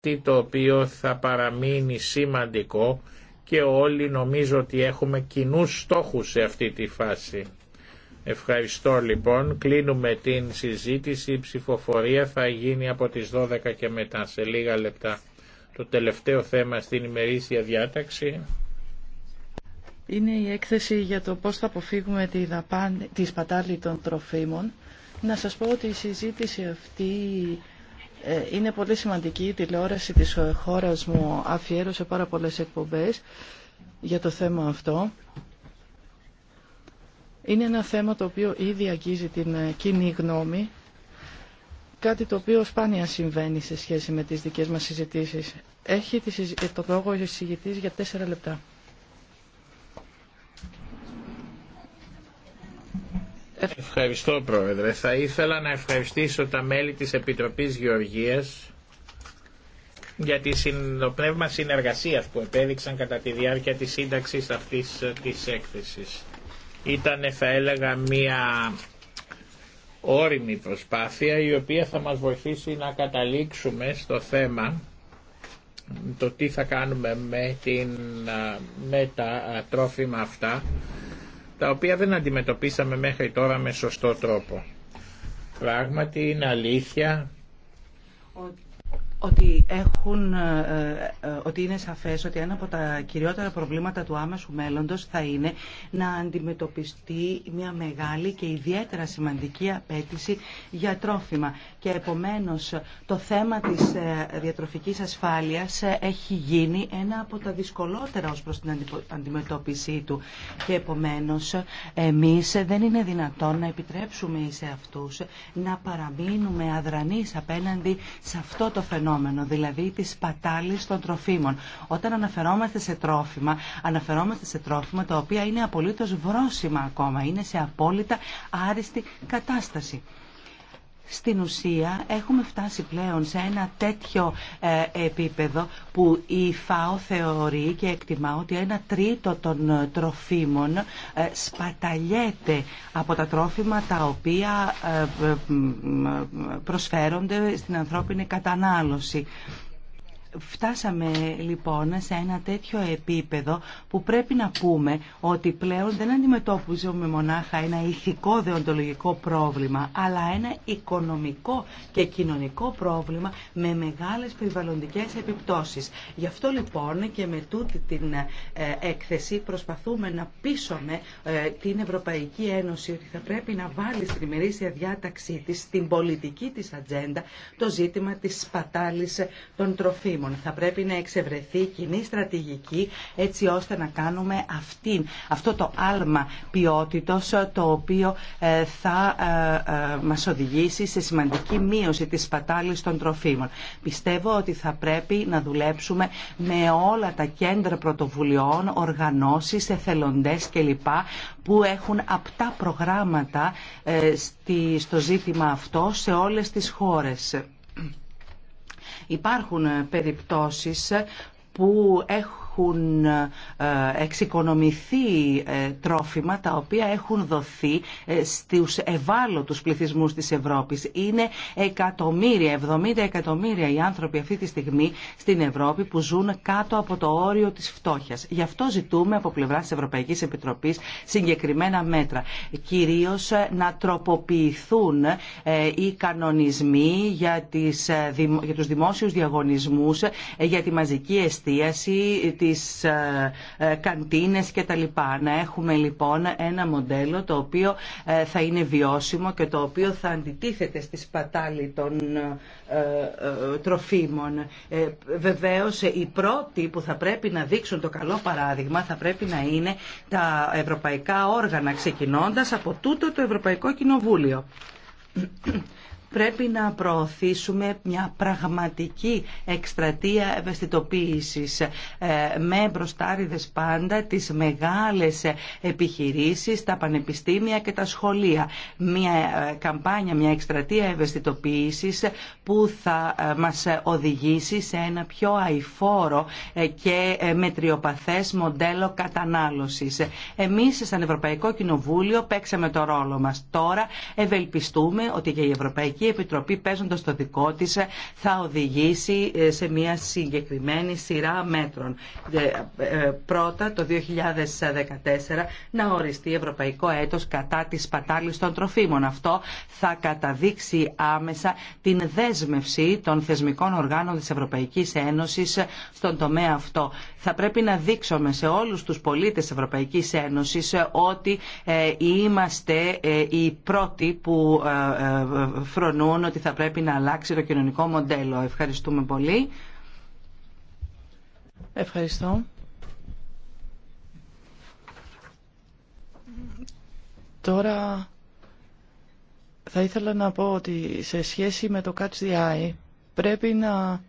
κάτι το οποίο θα παραμείνει σημαντικό και όλοι νομίζω ότι έχουμε κοινού στόχους σε αυτή τη φάση. Ευχαριστώ λοιπόν. Κλείνουμε την συζήτηση. Η ψηφοφορία θα γίνει από τις 12 και μετά σε λίγα λεπτά. Το τελευταίο θέμα στην ημερήσια διάταξη. Είναι η έκθεση για το πώς θα αποφύγουμε τη, δαπάνη, τη σπατάλη των τροφίμων. Να σας πω ότι η συζήτηση αυτή ε, είναι πολύ σημαντική η τηλεόραση της ε, χώρας μου αφιέρωσε πάρα πολλές εκπομπές για το θέμα αυτό. Είναι ένα θέμα το οποίο ήδη αγγίζει την ε, κοινή γνώμη, κάτι το οποίο σπάνια συμβαίνει σε σχέση με τις δικές μας συζητήσεις. Έχει το λόγο ο για τέσσερα λεπτά. Ευχαριστώ Πρόεδρε. Θα ήθελα να ευχαριστήσω τα μέλη της Επιτροπής Γεωργίας για το πνεύμα συνεργασίας που επέδειξαν κατά τη διάρκεια της σύνταξης αυτής ε, της έκθεσης. Ήταν θα έλεγα μία όριμη προσπάθεια η οποία θα μας βοηθήσει να καταλήξουμε στο θέμα το τι θα κάνουμε με, την, ε, με τα ε, τρόφιμα αυτά τα οποία δεν αντιμετωπίσαμε μέχρι τώρα με σωστό τρόπο. Πράγματι είναι αλήθεια ότι, έχουν, ε, ε, ε, ότι είναι σαφές ότι ένα από τα κυριότερα προβλήματα του άμεσου μέλλοντος θα είναι να αντιμετωπιστεί μια μεγάλη και ιδιαίτερα σημαντική απέτηση για τρόφιμα. Και επομένως το θέμα της διατροφικής ασφάλειας έχει γίνει ένα από τα δυσκολότερα ως προς την αντιμετώπιση του. Και επομένως εμείς δεν είναι δυνατόν να επιτρέψουμε σε αυτούς να παραμείνουμε αδρανείς απέναντι σε αυτό το φαινόμενο δηλαδή τη πατάλης των τροφίμων. Όταν αναφερόμαστε σε τρόφιμα, αναφερόμαστε σε τρόφιμα τα οποία είναι απολύτω βρόσιμα ακόμα, είναι σε απόλυτα άριστη κατάσταση στην ουσία έχουμε φτάσει πλέον σε ένα τέτοιο ε, επίπεδο που η ΦΑΟ θεωρεί και εκτιμά ότι ένα τρίτο των ε, τροφίμων ε, σπαταλιέται από τα τρόφιμα τα οποία προσφέρονται στην ανθρώπινη κατανάλωση. Φτάσαμε λοιπόν σε ένα τέτοιο επίπεδο που πρέπει να πούμε ότι πλέον δεν αντιμετώπιζουμε μονάχα ένα ηθικό δεοντολογικό πρόβλημα αλλά ένα οικονομικό και κοινωνικό πρόβλημα με μεγάλες περιβαλλοντικές επιπτώσεις. Γι' αυτό λοιπόν και με τούτη την ε, έκθεση προσπαθούμε να πείσουμε ε, την Ευρωπαϊκή Ένωση ότι θα πρέπει να βάλει στην ημερήσια διάταξή της, στην πολιτική της ατζέντα, το ζήτημα της σπατάλης των τροφίμων θα πρέπει να εξευρεθεί κοινή στρατηγική έτσι ώστε να κάνουμε αυτήν, αυτό το άλμα ποιότητος το οποίο ε, θα ε, ε, μας οδηγήσει σε σημαντική μείωση της πατάλη των τροφίμων. Πιστεύω ότι θα πρέπει να δουλέψουμε με όλα τα κέντρα πρωτοβουλειών, οργανώσεις, εθελοντές κλπ που έχουν απτά προγράμματα στο ζήτημα αυτό σε όλες τις χώρες. Υπάρχουν ε, περιπτώσεις που έχουν έχουν ε, εξοικονομηθεί ε, τρόφιμα τα οποία έχουν δοθεί ε, στους ευάλωτους πληθυσμούς της Ευρώπης. Είναι εκατομμύρια, 70 εκατομμύρια οι άνθρωποι αυτή τη στιγμή στην Ευρώπη που ζουν κάτω από το όριο της φτώχειας. Γι' αυτό ζητούμε από πλευρά της Ευρωπαϊκής Επιτροπής συγκεκριμένα μέτρα. Κυρίως να τροποποιηθούν οι κανονισμοί για, τις, για τους δημόσιους διαγωνισμούς, για τη μαζική εστίαση, τις ε, ε, καντίνες κτλ. Να έχουμε λοιπόν ένα μοντέλο το οποίο ε, θα είναι βιώσιμο και το οποίο θα αντιτίθεται στη σπατάλη των τροφίμων. Βεβαίως οι πρώτοι που θα πρέπει να δείξουν το καλό παράδειγμα θα πρέπει να είναι τα ευρωπαϊκά όργανα ξεκινώντας από τούτο το Ευρωπαϊκό Κοινοβούλιο πρέπει να προωθήσουμε μια πραγματική εκστρατεία ευαισθητοποίησης ε, με μπροστάριδες πάντα τις μεγάλες επιχειρήσεις, τα πανεπιστήμια και τα σχολεία. Μια ε, καμπάνια, μια εκστρατεία ευαισθητοποίησης που θα ε, μας οδηγήσει σε ένα πιο αηφόρο και μετριοπαθές μοντέλο κατανάλωσης. Εμείς σαν Ευρωπαϊκό Κοινοβούλιο παίξαμε το ρόλο μας. Τώρα ευελπιστούμε ότι και η Ευρωπαϊκή Ευρωπαϊκή Επιτροπή παίζοντα το δικό της θα οδηγήσει ε, σε μια συγκεκριμένη σειρά μέτρων. Ε, ε, πρώτα το 2014 να οριστεί Ευρωπαϊκό έτος κατά της πατάλης των τροφίμων. Αυτό θα καταδείξει άμεσα την δέσμευση των θεσμικών οργάνων της Ευρωπαϊκής Ένωσης στον τομέα αυτό. Θα πρέπει να δείξουμε σε όλους τους πολίτες Ευρωπαϊκής Ένωσης ότι είμαστε οι πρώτοι που ότι θα πρέπει να αλλάξει το κοινωνικό μοντέλο. Ευχαριστούμε πολύ. Ευχαριστώ. Τώρα θα ήθελα να πω ότι σε σχέση με το Catch the Eye πρέπει να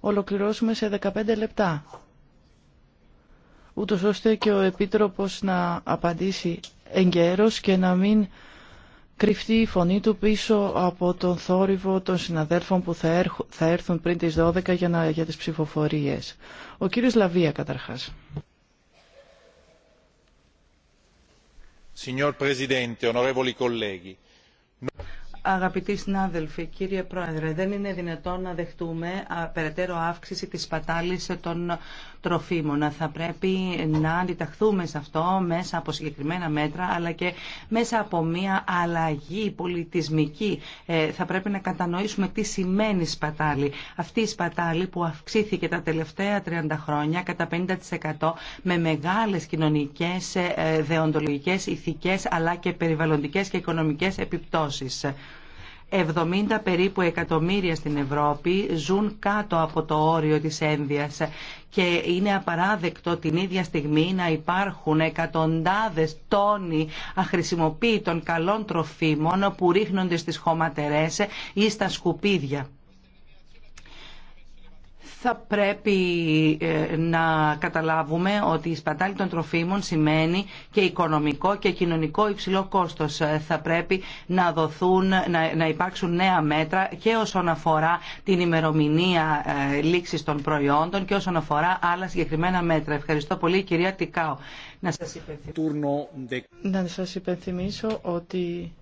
ολοκληρώσουμε σε 15 λεπτά ούτως ώστε και ο Επίτροπος να απαντήσει εγκαίρως και να μην κρυφτεί η φωνή του πίσω από τον θόρυβο των συναδέλφων που θα έρθουν πριν τις 12 για, να, για τις ψηφοφορίες. Ο κύριος Λαβία καταρχάς. Signor Presidente, onorevoli colleghi. Αγαπητοί συνάδελφοι, κύριε Πρόεδρε, δεν είναι δυνατόν να δεχτούμε περαιτέρω αύξηση της πατάλης των τροφίμων. Θα πρέπει να αντιταχθούμε σε αυτό μέσα από συγκεκριμένα μέτρα, αλλά και μέσα από μια αλλαγή πολιτισμική. Ε, θα πρέπει να κατανοήσουμε τι σημαίνει σπατάλη. Αυτή η σπατάλη που αυξήθηκε τα τελευταία 30 χρόνια κατά 50% με μεγάλες κοινωνικές, ε, ε, δεοντολογικές, ηθικές, αλλά και περιβαλλοντικές και οικονομικές επιπτώσεις. 70 περίπου εκατομμύρια στην Ευρώπη ζουν κάτω από το όριο της ένδυας και είναι απαράδεκτο την ίδια στιγμή να υπάρχουν εκατοντάδες τόνοι αχρησιμοποίητων καλών τροφίμων που ρίχνονται στις χωματερές ή στα σκουπίδια θα πρέπει ε, να καταλάβουμε ότι η σπατάλη των τροφίμων σημαίνει και οικονομικό και κοινωνικό υψηλό κόστος. Ε, θα πρέπει να, δοθούν, να, υπάρξουν νέα μέτρα και όσον αφορά την ημερομηνία ε, λήξης των προϊόντων και όσον αφορά άλλα συγκεκριμένα μέτρα. Ευχαριστώ πολύ κυρία Τικάου. να σας υπενθυμίσω ότι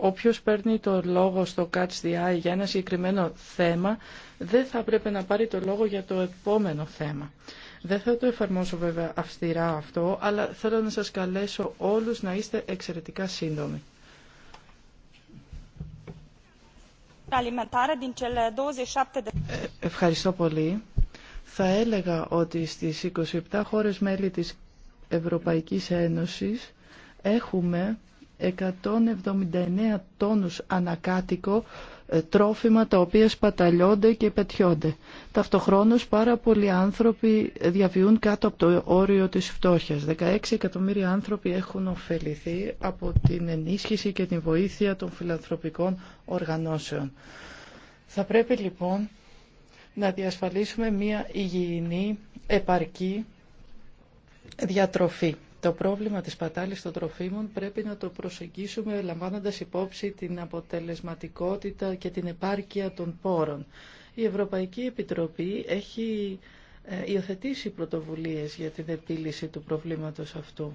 όποιος παίρνει το λόγο στο Catch the Eye για ένα συγκεκριμένο θέμα δεν θα πρέπει να πάρει το λόγο για το επόμενο θέμα. Δεν θα το εφαρμόσω βέβαια αυστηρά αυτό, αλλά θέλω να σας καλέσω όλους να είστε εξαιρετικά σύντομοι. Ε, ευχαριστώ πολύ. Θα έλεγα ότι στις 27 χώρες μέλη της Ευρωπαϊκής Ένωσης έχουμε 179 τόνους ανακάτοικο ε, τρόφιμα τα οποία σπαταλιώνται και πετιώνται. Ταυτοχρόνως πάρα πολλοί άνθρωποι διαβιούν κάτω από το όριο της φτώχειας. 16 εκατομμύρια άνθρωποι έχουν ωφεληθεί από την ενίσχυση και την βοήθεια των φιλανθρωπικών οργανώσεων. Θα πρέπει λοιπόν να διασφαλίσουμε μια υγιεινή, επαρκή διατροφή. Το πρόβλημα της πατάλης των τροφίμων πρέπει να το προσεγγίσουμε λαμβάνοντας υπόψη την αποτελεσματικότητα και την επάρκεια των πόρων. Η Ευρωπαϊκή Επιτροπή έχει ε, υιοθετήσει πρωτοβουλίες για την επίλυση του προβλήματος αυτού.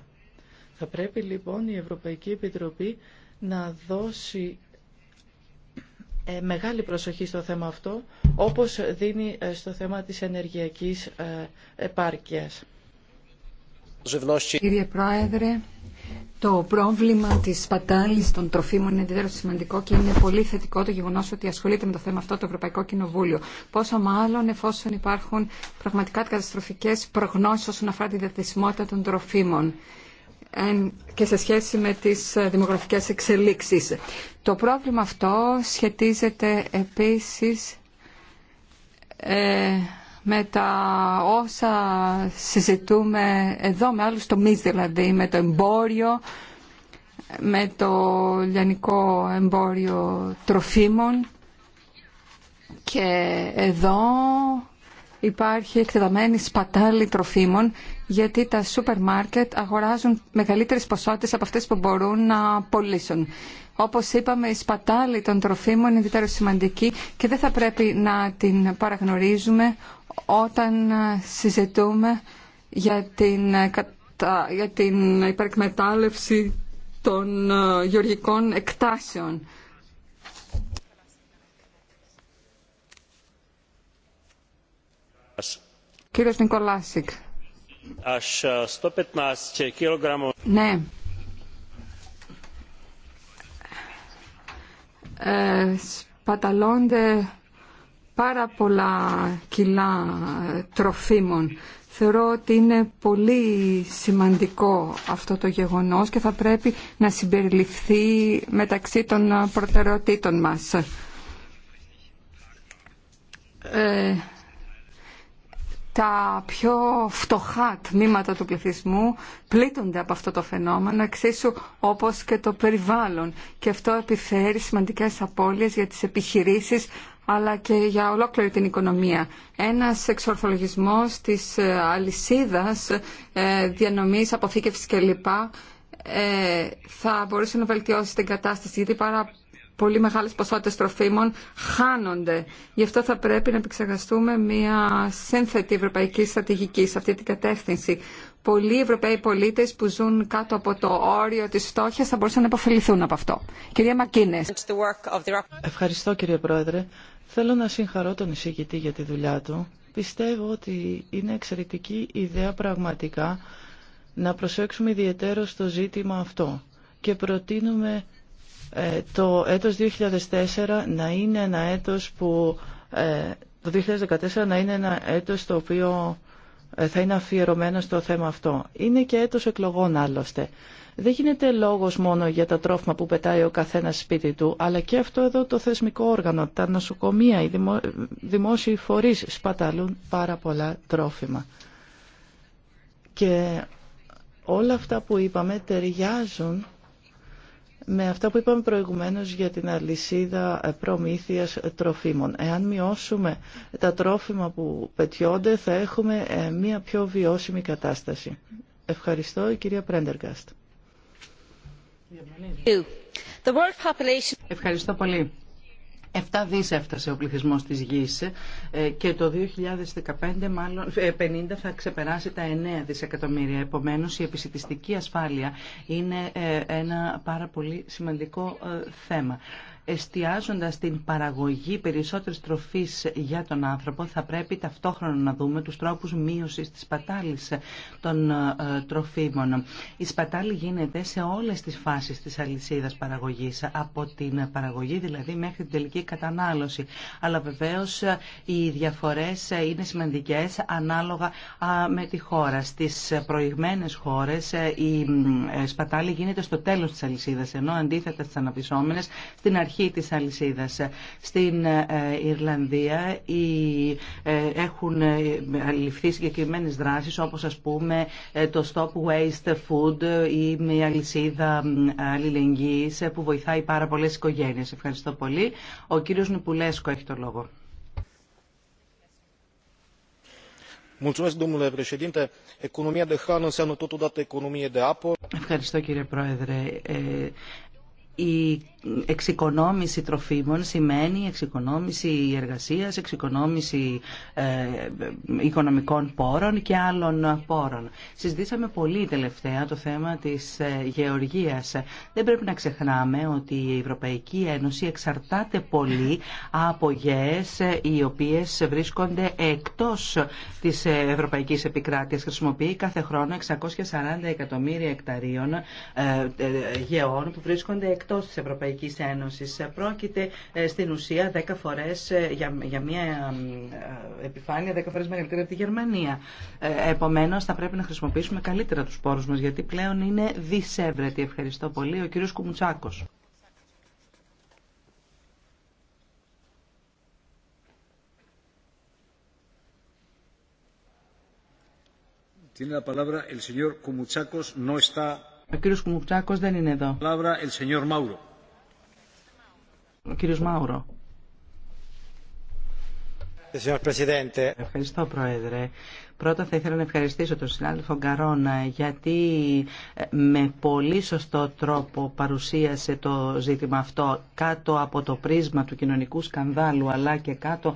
Θα πρέπει λοιπόν η Ευρωπαϊκή Επιτροπή να δώσει ε, μεγάλη προσοχή στο θέμα αυτό, όπως δίνει ε, στο θέμα της ενεργειακής επάρκειας. Κύριε Πρόεδρε, το πρόβλημα τη πατάλη των τροφίμων είναι ιδιαίτερα σημαντικό και είναι πολύ θετικό το γεγονό ότι ασχολείται με το θέμα αυτό το Ευρωπαϊκό Κοινοβούλιο. Πόσο μάλλον εφόσον υπάρχουν πραγματικά καταστροφικέ προγνώσει όσον αφορά τη διαθεσιμότητα των τροφίμων και σε σχέση με τις ε, δημογραφικές εξελίξεις. Το πρόβλημα αυτό σχετίζεται επίσης ε, με τα όσα συζητούμε εδώ, με άλλους τομείς δηλαδή, με το εμπόριο, με το λιανικό εμπόριο τροφίμων και εδώ υπάρχει εκτεταμένη σπατάλη τροφίμων γιατί τα σούπερ μάρκετ αγοράζουν μεγαλύτερες ποσότητες από αυτές που μπορούν να πωλήσουν. Όπως είπαμε, η σπατάλη των τροφίμων είναι ιδιαίτερα σημαντική και δεν θα πρέπει να την παραγνωρίζουμε όταν συζητούμε για την, για την υπερεκμετάλλευση των ε, γεωργικών εκτάσεων. Κύριος Νικολάσικ. Ε, ναι, Ε, σπαταλώνται πάρα πολλά κιλά ε, τροφίμων. Θεωρώ ότι είναι πολύ σημαντικό αυτό το γεγονός και θα πρέπει να συμπεριληφθεί μεταξύ των προτεραιοτήτων μας. Ε, τα πιο φτωχά τμήματα του πληθυσμού πλήττονται από αυτό το φαινόμενο, εξίσου όπως και το περιβάλλον. Και αυτό επιφέρει σημαντικές απώλειες για τις επιχειρήσεις αλλά και για ολόκληρη την οικονομία. Ένας εξορθολογισμός της ε, αλυσίδας, ε, διανομής, αποθήκευσης κλπ ε, θα μπορούσε να βελτιώσει την κατάσταση γιατί πάρα πολύ μεγάλες ποσότητες τροφίμων χάνονται. Γι' αυτό θα πρέπει να επεξεργαστούμε μια σύνθετη ευρωπαϊκή στρατηγική σε αυτή την κατεύθυνση. Πολλοί Ευρωπαίοι πολίτε που ζουν κάτω από το όριο τη φτώχεια θα μπορούσαν να υποφεληθούν από αυτό. Κυρία Μακίνε. Ευχαριστώ κύριε Πρόεδρε. Θέλω να συγχαρώ τον εισηγητή για τη δουλειά του. Πιστεύω ότι είναι εξαιρετική ιδέα πραγματικά να προσέξουμε ιδιαίτερο στο ζήτημα αυτό και προτείνουμε ε, το έτος 2004 να είναι ένα έτος που ε, το 2014 να είναι ένα έτος το οποίο ε, θα είναι αφιερωμένο στο θέμα αυτό. Είναι και έτος εκλογών άλλωστε. Δεν γίνεται λόγος μόνο για τα τρόφιμα που πετάει ο καθένας σπίτι του, αλλά και αυτό εδώ το θεσμικό όργανο, τα νοσοκομεία, οι δημόσιοι φορείς σπαταλούν πάρα πολλά τρόφιμα. Και όλα αυτά που είπαμε ταιριάζουν με αυτά που είπαμε προηγουμένως για την αλυσίδα ε, προμήθειας ε, τροφίμων. Εάν μειώσουμε τα τρόφιμα που πετιόνται θα έχουμε ε, μια πιο βιώσιμη κατάσταση. Ευχαριστώ η κυρία Πρέντεργκαστ. Ευχαριστώ πολύ. 7 δις έφτασε ο πληθυσμός της γης ε, και το 2015 μάλλον 50 ε, θα ξεπεράσει τα 9 δισεκατομμύρια. Επομένως η επισητιστική ασφάλεια είναι ε, ένα πάρα πολύ σημαντικό θέμα εστιάζοντας την παραγωγή περισσότερης τροφής για τον άνθρωπο θα πρέπει ταυτόχρονα να δούμε τους τρόπους μείωσης της σπατάλης των ε, τροφίμων. Η σπατάλη γίνεται σε όλες τις φάσεις της αλυσίδας παραγωγής, από την παραγωγή δηλαδή μέχρι την τελική κατανάλωση. Αλλά βεβαίως ε, οι διαφορές ε, είναι σημαντικές ανάλογα με τη χώρα. Στις προηγμένες χώρες η σπατάλη γίνεται στο τέλος της αλυσίδας, ενώ αντίθετα στις αναπτυσσόμενες στην αρχή της αλυσίδας. Στην ε, Ιρλανδία ε, έχουν ε, ληφθεί συγκεκριμένε δράσεις όπως ας πούμε το Stop Waste Food ή μια αλυσίδα αλληλεγγύης που βοηθάει πάρα πολλές οικογένειες. Ευχαριστώ πολύ. Ο κύριος Νιπουλέσκο έχει το λόγο. Ευχαριστώ κύριε Πρόεδρε. Η εξοικονόμηση τροφίμων σημαίνει εξοικονόμηση εργασίας, εξοικονόμηση ε, οικονομικών πόρων και άλλων πόρων. Συζητήσαμε πολύ τελευταία το θέμα της ε, γεωργίας. Δεν πρέπει να ξεχνάμε ότι η Ευρωπαϊκή Ένωση εξαρτάται πολύ από γεές ε, οι οποίες βρίσκονται εκτός της Ευρωπαϊκής Επικράτειας. Χρησιμοποιεί κάθε χρόνο 640 εκατομμύρια εκταρίων γεών που βρίσκονται εκτός της Ευρωπαϊκής Ευρωπαϊκής Ένωσης. Πρόκειται ε, στην ουσία 10 φορές ε, για, μια ε, επιφάνεια 10 φορές μεγαλύτερη από τη Γερμανία. Επομένως θα πρέπει να χρησιμοποιήσουμε καλύτερα τους πόρους μας γιατί πλέον είναι δυσέβρετοι. Ευχαριστώ πολύ. Ο κύριος Κουμουτσάκος. Ο κύριος Κουμουτσάκος δεν είναι εδώ κύριος Μάουρο. Ευχαριστώ, Πρόεδρε. Πρώτα θα ήθελα να ευχαριστήσω τον συνάδελφο Γκαρόνα γιατί ε, με πολύ σωστό τρόπο παρουσίασε το ζήτημα αυτό κάτω από το πρίσμα του κοινωνικού σκανδάλου αλλά και κάτω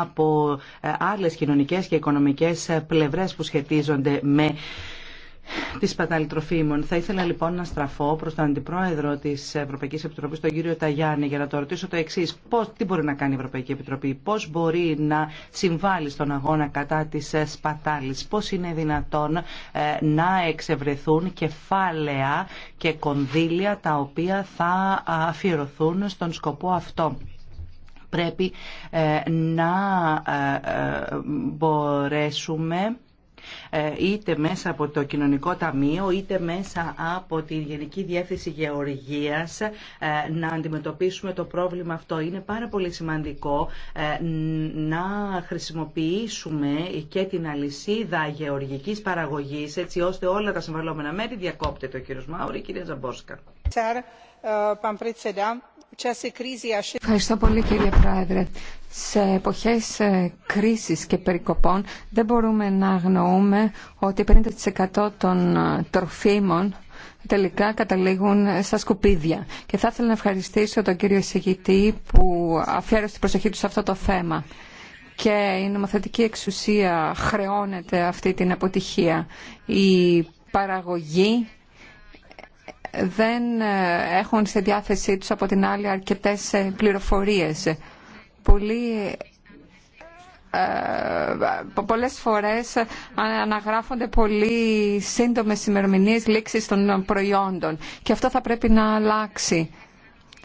από ε, άλλες κοινωνικές και οικονομικές ε, πλευρές που σχετίζονται με της τροφίμων Θα ήθελα λοιπόν να στραφώ προς τον Αντιπρόεδρο της Ευρωπαϊκής Επιτροπής, τον κύριο Ταγιάννη, για να το ρωτήσω το εξή. τι μπορεί να κάνει η Ευρωπαϊκή Επιτροπή, πώς μπορεί να συμβάλλει στον αγώνα κατά της σπατάλης, πώς είναι δυνατόν ε, να εξευρεθούν κεφάλαια και κονδύλια τα οποία θα αφιερωθούν στον σκοπό αυτό πρέπει ε, να ε, ε μπορέσουμε ε, είτε μέσα από το Κοινωνικό Ταμείο είτε μέσα από τη Γενική Διεύθυνση Γεωργίας ε, να αντιμετωπίσουμε το πρόβλημα αυτό. Είναι πάρα πολύ σημαντικό ε, να χρησιμοποιήσουμε και την αλυσίδα γεωργικής παραγωγής έτσι ώστε όλα τα συμβαλόμενα μέρη διακόπτεται ο κύριος Μάουρη, η κυρία Ζαμπόσκα. Ευχαριστώ πολύ κύριε Πρόεδρε. Σε εποχές ε, κρίσης και περικοπών δεν μπορούμε να αγνοούμε ότι 50% των ε, τροφίμων τελικά καταλήγουν στα σκουπίδια. Και θα ήθελα να ευχαριστήσω τον κύριο Συγητή που αφιέρωσε την προσοχή του σε αυτό το θέμα. Και η νομοθετική εξουσία χρεώνεται αυτή την αποτυχία. Η παραγωγή δεν ε, έχουν στη διάθεσή τους από την άλλη αρκετές ε, πληροφορίες. Πολύ ε, πολλές φορές αναγράφονται πολύ σύντομες ημερομηνίε λήξης των προϊόντων και αυτό θα πρέπει να αλλάξει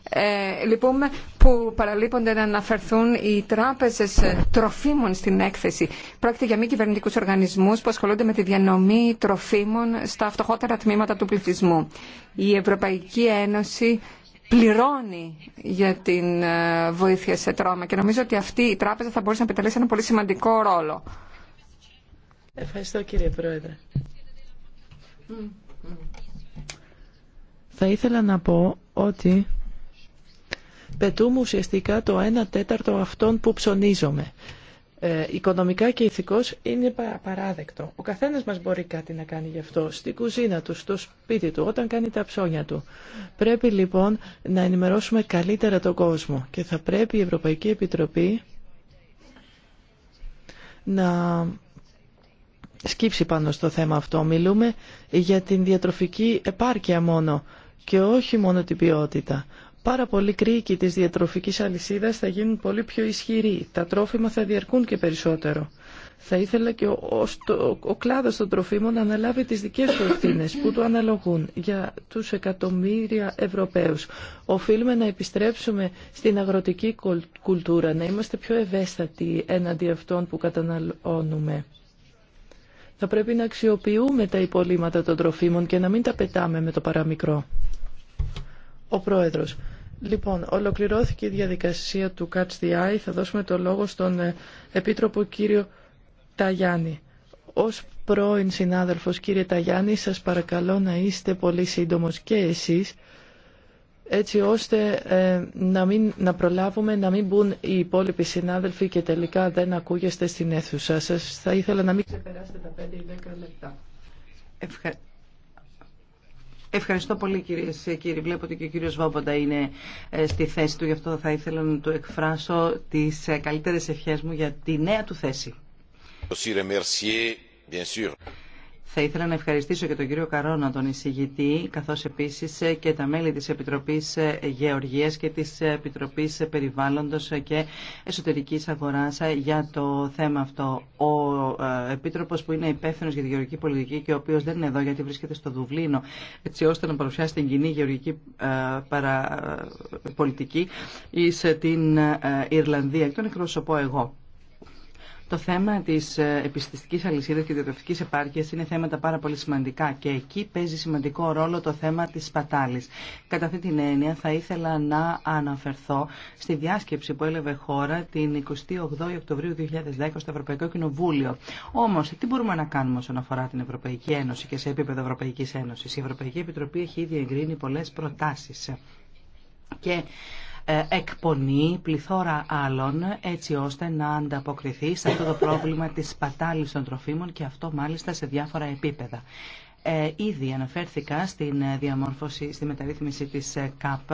ε, λυπούμε λοιπόν, που παραλείπονται να αναφερθούν οι τράπεζε τροφίμων στην έκθεση. Πρόκειται για μη κυβερνητικού οργανισμούς που ασχολούνται με τη διανομή τροφίμων στα φτωχότερα τμήματα του πληθυσμού. Η Ευρωπαϊκή Ένωση πληρώνει για την ε, βοήθεια σε τρόμα και νομίζω ότι αυτή η τράπεζα θα μπορούσε να επιτελέσει ένα πολύ σημαντικό ρόλο. Ευχαριστώ κύριε Πρόεδρε. Θα ήθελα να πω ότι πετούμε ουσιαστικά το 1 τέταρτο αυτών που ψωνίζομαι. Ε, οικονομικά και ηθικώς είναι παράδεκτο. Ο καθένας μας μπορεί κάτι να κάνει γι' αυτό, στην κουζίνα του, στο σπίτι του, όταν κάνει τα ψώνια του. Πρέπει λοιπόν να ενημερώσουμε καλύτερα τον κόσμο και θα πρέπει η Ευρωπαϊκή Επιτροπή να σκύψει πάνω στο θέμα αυτό. Μιλούμε για την διατροφική επάρκεια μόνο και όχι μόνο την ποιότητα πάρα πολλοί κρίκοι της διατροφικής αλυσίδας θα γίνουν πολύ πιο ισχυροί. Τα τρόφιμα θα διαρκούν και περισσότερο. Θα ήθελα και ο, ο, κλάδος των τροφίμων να αναλάβει τις δικές του ευθύνες που του αναλογούν για τους εκατομμύρια Ευρωπαίους. Οφείλουμε να επιστρέψουμε στην αγροτική κουλτούρα, να είμαστε πιο ευαίσθητοι έναντι αυτών που καταναλώνουμε. Θα πρέπει να αξιοποιούμε τα υπολείμματα των τροφίμων και να μην τα πετάμε με το παραμικρό. Ο Πρόεδρος. Λοιπόν, ολοκληρώθηκε η διαδικασία του Catch the Eye. Θα δώσουμε το λόγο στον ε, Επίτροπο κύριο Ταγιάννη. Ως πρώην συνάδελφος κύριε Ταγιάννη, σας παρακαλώ να είστε πολύ σύντομος και εσείς, έτσι ώστε ε, να, μην, να προλάβουμε να μην μπουν οι υπόλοιποι συνάδελφοι και τελικά δεν ακούγεστε στην αίθουσά σας. Θα ήθελα να μην ξεπεράσετε τα 5 ή 10 λεπτά. Ευχαριστώ. Ευχαριστώ πολύ κυρίε και κύριοι. Βλέπω ότι και ο κύριος Βόμποντα είναι ε, στη θέση του, γι' αυτό θα ήθελα να του εκφράσω τις ε, καλύτερες ευχές μου για τη νέα του θέση. Θα ήθελα να ευχαριστήσω και τον κύριο Καρόνα, τον εισηγητή, καθώς επίσης και τα μέλη της Επιτροπής Γεωργίας και της Επιτροπής Περιβάλλοντος και Εσωτερικής Αγοράς για το θέμα αυτό. Ο ε, Επίτροπος που είναι υπεύθυνο για τη γεωργική πολιτική και ο οποίος δεν είναι εδώ γιατί βρίσκεται στο Δουβλίνο, έτσι ώστε να παρουσιάσει την κοινή γεωργική ε, ε, πολιτική εις την Ιρλανδία. Και τον εκπροσωπώ εγώ. Το θέμα τη ε, επιστηστικής Αλυσίδα και διατροφική επάρκεια είναι θέματα πάρα πολύ σημαντικά και εκεί παίζει σημαντικό ρόλο το θέμα τη σπατάλης. Κατά αυτή την έννοια θα ήθελα να αναφερθώ στη διάσκεψη που έλαβε χώρα την 28 Οκτωβρίου 2010 στο Ευρωπαϊκό Κοινοβούλιο. Όμω, τι μπορούμε να κάνουμε όσον αφορά την Ευρωπαϊκή Ένωση και σε επίπεδο Ευρωπαϊκή Ένωση. Η Ευρωπαϊκή Επιτροπή έχει ήδη εγκρίνει πολλέ προτάσει. Και εκπονεί πληθώρα άλλων έτσι ώστε να ανταποκριθεί σε αυτό το πρόβλημα της πατάλης των τροφίμων και αυτό μάλιστα σε διάφορα επίπεδα. Ε, ήδη αναφέρθηκα στην ε, διαμόρφωση, στη μεταρρύθμιση της ε, ΚΑΠ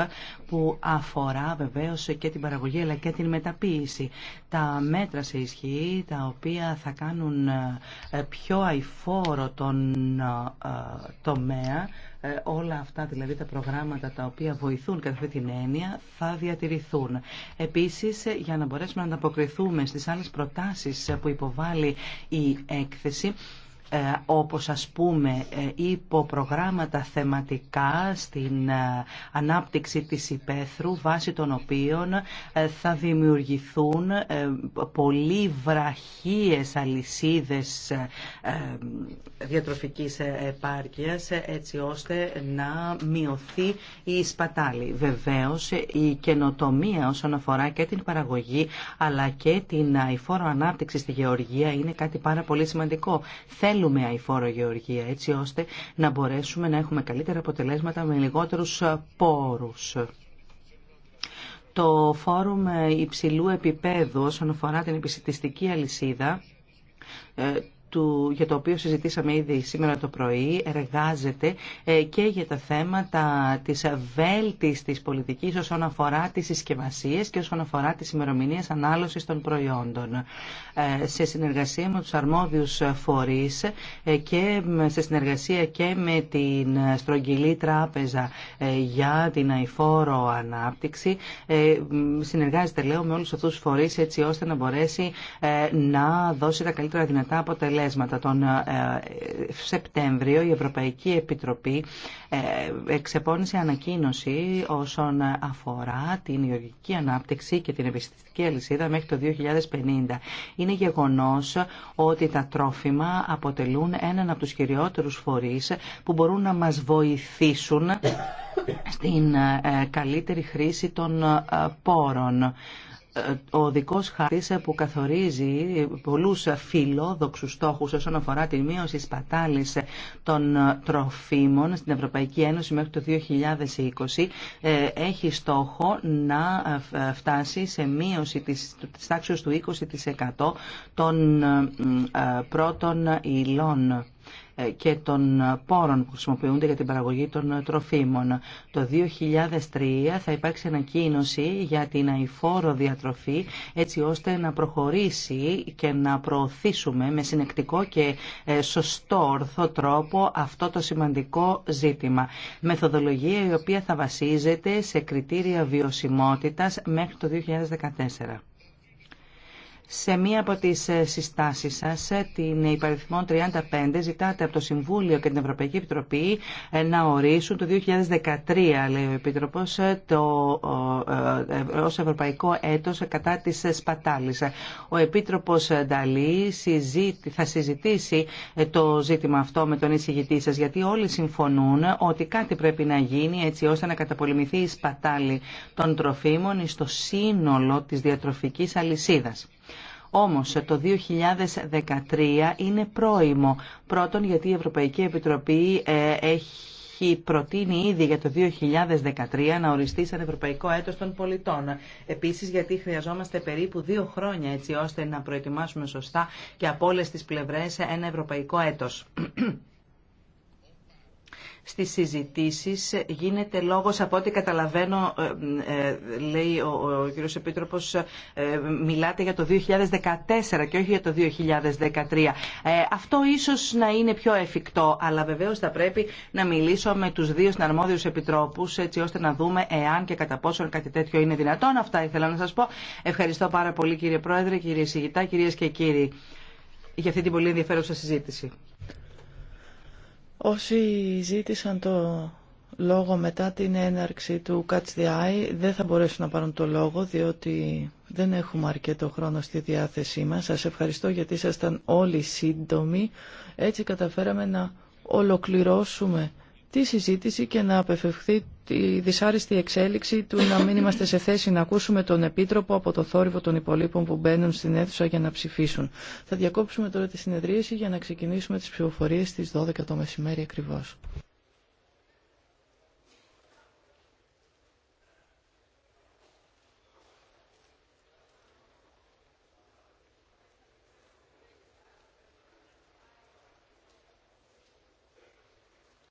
που αφορά βεβαίως και την παραγωγή αλλά και την μεταποίηση. Τα μέτρα σε ισχύ τα οποία θα κάνουν πιο αηφόρο τον τομέα όλα αυτά δηλαδή τα προγράμματα τα οποία βοηθούν κατά αυτή την έννοια θα διατηρηθούν. Επίσης για να μπορέσουμε να ανταποκριθούμε στις άλλες προτάσεις που υποβάλλει η έκθεση ε, όπως ας πούμε ε, υποπρογράμματα θεματικά στην ε, ανάπτυξη της υπαίθρου βάσει των οποίων θα δημιουργηθούν πολύ βραχίες αλυσίδες διατροφικής επάρκειας έτσι ώστε να μειωθεί η σπατάλη. Βεβαίως η καινοτομία όσον αφορά και την παραγωγή αλλά και την αηφόρο ανάπτυξη στη γεωργία είναι κάτι πάρα πολύ σημαντικό θέλουμε αηφόρο γεωργία έτσι ώστε να μπορέσουμε να έχουμε καλύτερα αποτελέσματα με λιγότερους πόρους. Το φόρουμ υψηλού επίπεδου όσον αφορά την επισητιστική αλυσίδα ε, του, για το οποίο συζητήσαμε ήδη σήμερα το πρωί εργάζεται ε, και για τα θέματα της βέλτιστης πολιτικής όσον αφορά τις συσκευασίες και όσον αφορά τις ημερομηνίες ανάλωσης των προϊόντων. Ε, σε συνεργασία με τους αρμόδιους φορείς ε, και σε συνεργασία και με την Στρογγυλή Τράπεζα για την αηφόρο ανάπτυξη συνεργάζεται λέω με όλους αυτούς τους φορείς έτσι ώστε να μπορέσει να δώσει τα καλύτερα δυνατά αποτελέσματα αποτελέσματα. Τον ε, Σεπτέμβριο η Ευρωπαϊκή Επιτροπή ε, εξεπώνησε ανακοίνωση όσον αφορά την γεωργική ανάπτυξη και την επιστημική αλυσίδα μέχρι το 2050. Είναι γεγονός ότι τα τρόφιμα αποτελούν έναν από τους κυριότερους φορείς που μπορούν να μας βοηθήσουν στην ε, καλύτερη χρήση των πόρων. Ε, ο δικός χάρτης που καθορίζει πολλούς φιλόδοξου στόχους όσον αφορά τη μείωση σπατάλης των τροφίμων στην Ευρωπαϊκή Ένωση μέχρι το 2020 ε, έχει στόχο να φτάσει σε μείωση της, της τάξης του 20% των ε, πρώτων υλών. Ε, και των πόρων που χρησιμοποιούνται για την παραγωγή των ε, τροφίμων. Το 2003 θα υπάρξει ανακοίνωση για την αηφόρο διατροφή έτσι ώστε να προχωρήσει και να προωθήσουμε με συνεκτικό και ε, σωστό ορθό τρόπο αυτό το σημαντικό ζήτημα. Μεθοδολογία η οποία θα βασίζεται σε κριτήρια βιωσιμότητας μέχρι το 2014. Σε μία από τις ε, συστάσεις σας, ε, την υπαριθμό 35, ζητάτε από το Συμβούλιο και την Ευρωπαϊκή Επιτροπή ε, να ορίσουν το 2013, λέει ο Επίτροπος, το, Ευρωπαϊκό έτος κατά της σπατάλης. Ο Επίτροπος Νταλή θα συζητήσει το ζήτημα αυτό με τον εισηγητή σας, γιατί όλοι συμφωνούν ότι κάτι πρέπει να γίνει έτσι ώστε να καταπολεμηθεί η σπατάλη των τροφίμων στο σύνολο της διατροφικής αλυσίδας. Όμως το 2013 είναι πρόημο. Πρώτον γιατί η Ευρωπαϊκή Επιτροπή ε, έχει προτείνει ήδη για το 2013 να οριστεί σαν Ευρωπαϊκό Έτος των Πολιτών. Επίσης γιατί χρειαζόμαστε περίπου δύο χρόνια έτσι ώστε να προετοιμάσουμε σωστά και από όλε τις πλευρές ένα Ευρωπαϊκό Έτος στις συζητήσεις γίνεται λόγος από ό,τι καταλαβαίνω ε, ε, λέει ο, ο κύριος Επίτροπος ε, μιλάτε για το 2014 και όχι για το 2013 αυτό ίσως να είναι πιο εφικτό αλλά βεβαίως θα πρέπει να μιλήσω με τους δύο συναρμόδιους επιτρόπους έτσι ώστε να δούμε εάν και κατά πόσο κάτι τέτοιο είναι δυνατόν αυτά ήθελα να σας πω ευχαριστώ πάρα πολύ κύριε Πρόεδρε κύριε Σιγητά κυρίες και κύριοι για αυτή την πολύ ενδιαφέρουσα συζήτηση. Όσοι ζήτησαν το λόγο μετά την έναρξη του Catch the Eye δεν θα μπορέσουν να πάρουν το λόγο διότι δεν έχουμε αρκετό χρόνο στη διάθεσή μας. Σας ευχαριστώ γιατί ήσασταν όλοι σύντομοι. Έτσι καταφέραμε να ολοκληρώσουμε τη συζήτηση και να απεφευχθεί τη δυσάρεστη εξέλιξη του να μην είμαστε σε θέση να ακούσουμε τον Επίτροπο από το θόρυβο των υπολείπων που μπαίνουν στην αίθουσα για να ψηφίσουν. Θα διακόψουμε τώρα τη συνεδρίαση για να ξεκινήσουμε τις ψηφοφορίες στις 12 το μεσημέρι ακριβώς.